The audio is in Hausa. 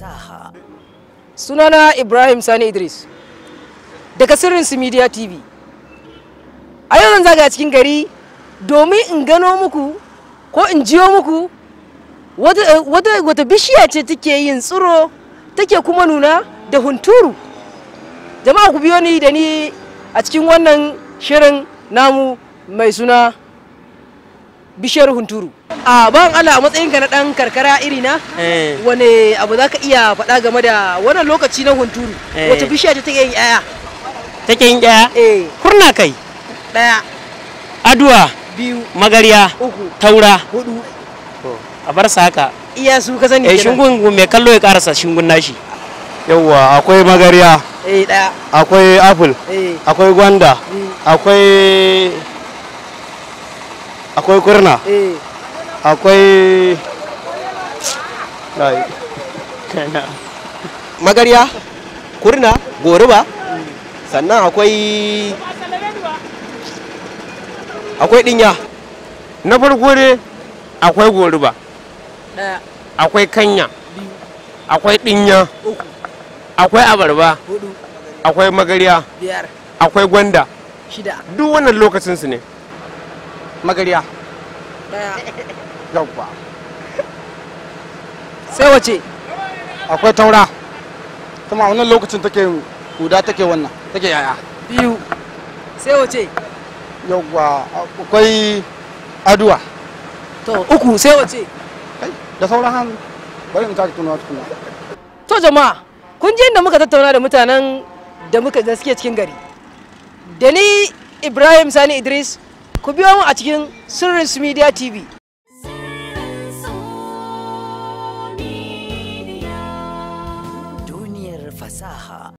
fasaha sunana ibrahim sani idris daga sirrin su media tv a yau zan zaga cikin gari domin in gano muku ko in jiyo muku wata, wata bishiya ce take yin tsiro take kuma nuna da hunturu jama'a ku biyo ni da ni a cikin wannan shirin namu mai suna bishiyar hunturu a ban Allah a matsayinka na dan karkara iri na eh. Wani abu zaka iya faɗa game da wannan lokaci na hunturu eh. wata bishiya ta take yin yaya take yin yaya eh kurna kai daya aduwa biyu magariya uku taura hudu a bar sa haka iya su ka sani eh shingun mai kallo ya karasa shingun nashi yawwa akwai magariya eh daya akwai apple eh. akwai gwanda akwai akwai kurna eh. akwai magarya kurna goruba sannan akwai akwai dinya na farko ne akwai goruba akwai kanya akwai dinya akwai abarba akwai magarya akwai gwanda duk wannan lokacin su ne magariya daya yawwa sai wace akwai taura kuma wannan lokacin take guda take wannan take yaya biyu sai wace yauwa akwai aduwa to uku sai wace da sauran hannu bari in kaji tunawa tukuna to jama'a kun ji inda muka tattauna da mutanen da muka gaske cikin gari da ni ibrahim sani idris ku biyo mu a cikin sirrin su media tv duniyar fasaha